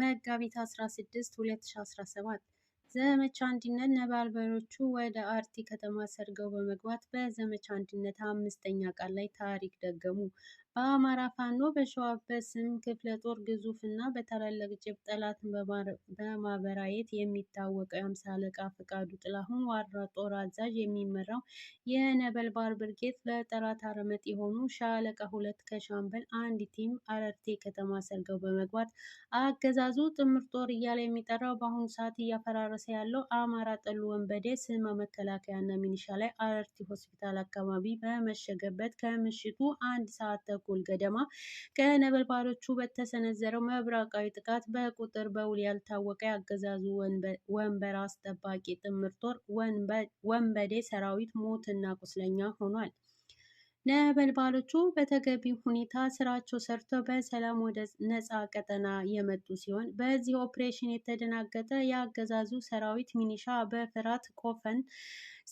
መጋቢት 16 2017 ዘመቻ አንድነት ነባርበሮቹ ወደ አርቲ ከተማ ሰርገው በመግባት በዘመቻ አንድነት አምስተኛ ቀን ላይ ታሪክ ደገሙ። በአማራ ፋኖ በሸዋበት ስም ክፍለ ጦር ግዙፍ እና በታላላቅ ጀብድ ጠላትን በማበራየት የሚታወቀው የአምሳ አለቃ ፍቃዱ ጥላሁን ዋራ ጦር አዛዥ የሚመራው የነበልባር ብርጌት ለጠላት አረመጥ የሆኑ ሻለቃ ሁለት ከሻምበል አንድ ቲም አረርቴ ከተማ ሰርገው በመግባት አገዛዙ ጥምር ጦር እያለ የሚጠራው በአሁኑ ሰዓት እያፈራረሰ ያለው አማራ ጠሉ ወንበዴ ስመ መከላከያ እና ሚኒሻ ላይ አረርቲ ሆስፒታል አካባቢ በመሸገበት ከምሽቱ አንድ ሰዓት ተኩል ተኩል ገደማ ከነበልባሎቹ በተሰነዘረው መብራቃዊ ጥቃት በቁጥር በውል ያልታወቀ የአገዛዙ ወንበር አስጠባቂ ጥምር ጦር ወንበዴ ሰራዊት ሞትና ቁስለኛ ሆኗል። ነበልባሎቹ በተገቢ ሁኔታ ስራቸው ሰርተው በሰላም ወደ ነፃ ቀጠና የመጡ ሲሆን በዚህ ኦፕሬሽን የተደናገጠ የአገዛዙ ሰራዊት ሚኒሻ በፍርሃት ቆፈን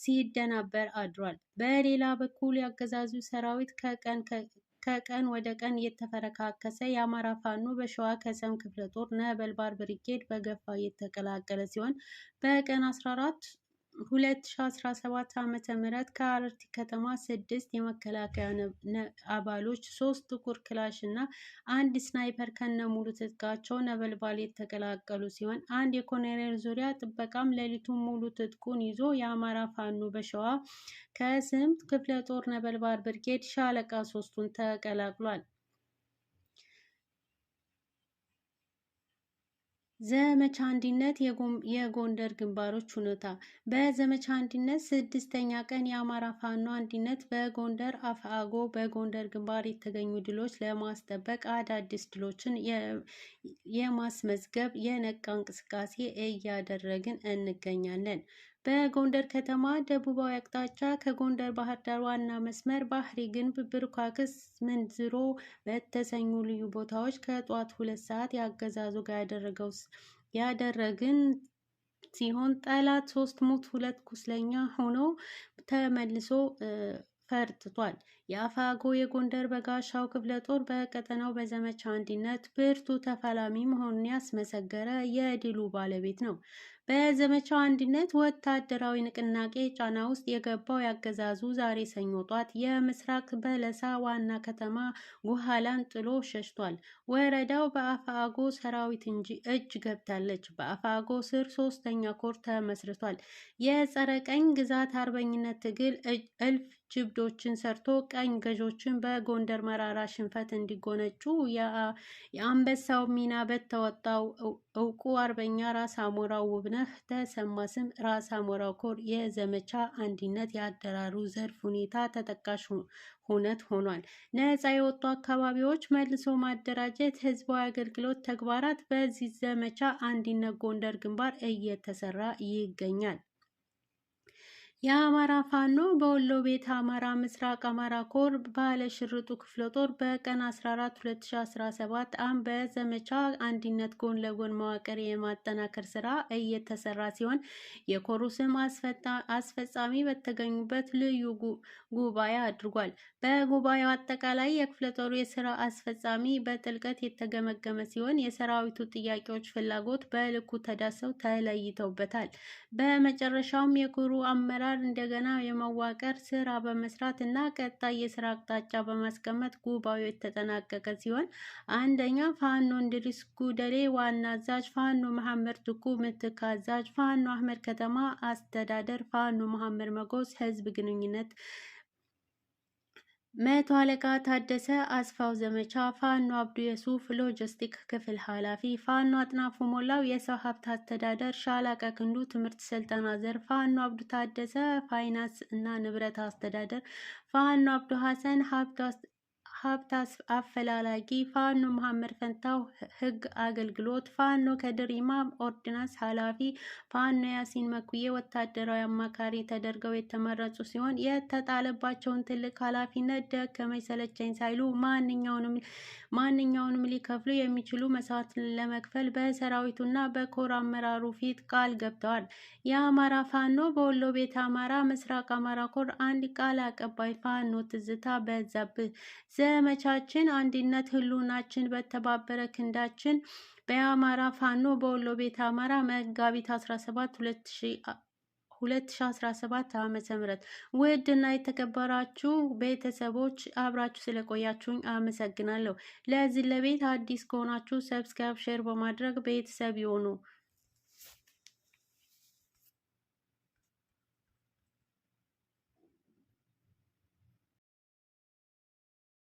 ሲደናበር አድሯል። በሌላ በኩል የአገዛዙ ሰራዊት ከቀን ከቀን ወደ ቀን እየተፈረካከሰ የአማራ ፋኖ በሸዋ ከሰም ክፍለ ጦር ነበልባል ብርጌድ በገፋ እየተቀላቀለ ሲሆን በቀን 14 2017 ዓ.ም ከአረርቲ ከተማ ስድስት የመከላከያ አባሎች ሶስት ጥቁር ክላሽ እና አንድ ስናይፐር ከነ ሙሉ ትጥቃቸው ነበልባል የተቀላቀሉ ሲሆን አንድ የኮሎኔል ዙሪያ ጥበቃም ሌሊቱን ሙሉ ትጥቁን ይዞ የአማራ ፋኖ በሸዋ ከስምንት ክፍለ ጦር ነበልባል ብርጌድ ሻለቃ ሶስቱን ተቀላቅሏል። ዘመቻ አንድነት የጎንደር ግንባሮች ሁኔታ በዘመቻ አንድነት ስድስተኛ ቀን የአማራ ፋኖ አንድነት በጎንደር አጎ በጎንደር ግንባር የተገኙ ድሎች ለማስጠበቅ አዳዲስ ድሎችን የማስመዝገብ የነቃ እንቅስቃሴ እያደረግን እንገኛለን። በጎንደር ከተማ ደቡባዊ አቅጣጫ ከጎንደር ባህር ዳር ዋና መስመር ባህሪ ግንብ፣ ብርኳክስ፣ ምንዝሮ በተሰኙ ልዩ ቦታዎች ከጠዋት ሁለት ሰዓት የአገዛዙ ጋር ያደረገው ያደረግን ሲሆን ጠላት ሶስት ሙት ሁለት ቁስለኛ ሆኖ ተመልሶ ፈርጥቷል። የአፋጎ የጎንደር በጋሻው ክፍለ ጦር በቀጠናው በዘመቻ አንድነት ብርቱ ተፋላሚ መሆኑን ያስመሰገረ የድሉ ባለቤት ነው። በዘመቻው አንድነት ወታደራዊ ንቅናቄ ጫና ውስጥ የገባው ያገዛዙ ዛሬ ሰኞ ጧት የምስራቅ በለሳ ዋና ከተማ ጉሃላን ጥሎ ሸሽቷል። ወረዳው በአፋጎ ሰራዊት እንጂ እጅ ገብታለች። በአፋጎ ስር ሶስተኛ ኮር ተመስርቷል። የጸረ ቀኝ ግዛት አርበኝነት ትግል እልፍ ጅብዶችን ሰርቶ ቀኝ ገዦችን በጎንደር መራራ ሽንፈት እንዲጎነጩ የአንበሳው ሚና በተወጣው እውቁ አርበኛ ራስ አሞራው ውብነህ ተሰማ ስም ራስ አሞራው ኮር የዘመቻ አንድነት የአደራሩ ዘርፍ ሁኔታ ተጠቃሽ ሁነት ሆኗል። ነፃ የወጡ አካባቢዎች መልሶ ማደራጀት፣ ህዝባዊ አገልግሎት ተግባራት በዚህ ዘመቻ አንድነት ጎንደር ግንባር እየተሰራ ይገኛል። የአማራ ፋኖ በወሎ ቤት አማራ ምስራቅ አማራ ኮር ባለ ሽርጡ ክፍለ ጦር በቀን 14 2017 ዓ.ም በዘመቻ አንድነት ጎን ለጎን መዋቅር የማጠናከር ስራ እየተሰራ ሲሆን የኮሩ ስም አስፈጻሚ በተገኙበት ልዩ ጉባኤ አድርጓል። በጉባኤው አጠቃላይ የክፍለ ጦሩ የስራ አስፈጻሚ በጥልቀት የተገመገመ ሲሆን የሰራዊቱ ጥያቄዎች፣ ፍላጎት በልኩ ተዳሰው ተለይተውበታል። በመጨረሻውም የኮሩ አመራር ፌዴራል እንደገና የመዋቀር ስራ በመስራት እና ቀጣይ የስራ አቅጣጫ በማስቀመጥ ጉባኤው የተጠናቀቀ ሲሆን አንደኛ ፋኖ እንድሪስ ጉደሌ ዋና አዛዥ፣ ፋኖ መሐመድ ትኩ ምትክ አዛዥ፣ ፋኖ አህመድ ከተማ አስተዳደር፣ ፋኖ መሐመድ መጎስ ህዝብ ግንኙነት መቶ አለቃ ታደሰ አስፋው ዘመቻ ፋኖ አብዱ የሱፍ ሎጂስቲክ ክፍል ኃላፊ ፋኖ አጥናፉ ሞላው የሰው ሀብት አስተዳደር ሻላቀ ክንዱ ትምህርት ስልጠና ዘር ፋኖ አብዱ ታደሰ ፋይናንስ እና ንብረት አስተዳደር ፋኖ አብዱ ሀሰን ሀብት ሀብት አፈላላጊ ፋኖ መሐመድ ፈንታው ህግ አገልግሎት ፋኖ ከድር ኢማም ኦርዲናንስ ኃላፊ ፋኖ ያሲን መኩዬ ወታደራዊ አማካሪ ተደርገው የተመረጹ ሲሆን የተጣለባቸውን ትልቅ ኃላፊነት ደከመኝ ሰለቸኝ ሳይሉ ማንኛውንም ሊከፍሉ የሚችሉ መስዋዕት ለመክፈል በሰራዊቱና በኮር አመራሩ ፊት ቃል ገብተዋል። የአማራ ፋኖ በወሎ ቤት አማራ ምስራቅ አማራ ኮር አንድ ቃል አቀባይ ፋኖ ትዝታ በዛብህ በመቻችን አንድነት ህልውናችን በተባበረ ክንዳችን በአማራ ፋኖ በወሎ ቤት አማራ መጋቢት 17 2017 ዓ.ም ውድ እና የተከበራችሁ ቤተሰቦች አብራችሁ ስለቆያችሁኝ አመሰግናለሁ። ለዚህ ለቤት አዲስ ከሆናችሁ ሰብስክራይብ፣ ሼር በማድረግ ቤተሰብ ይሆኑ።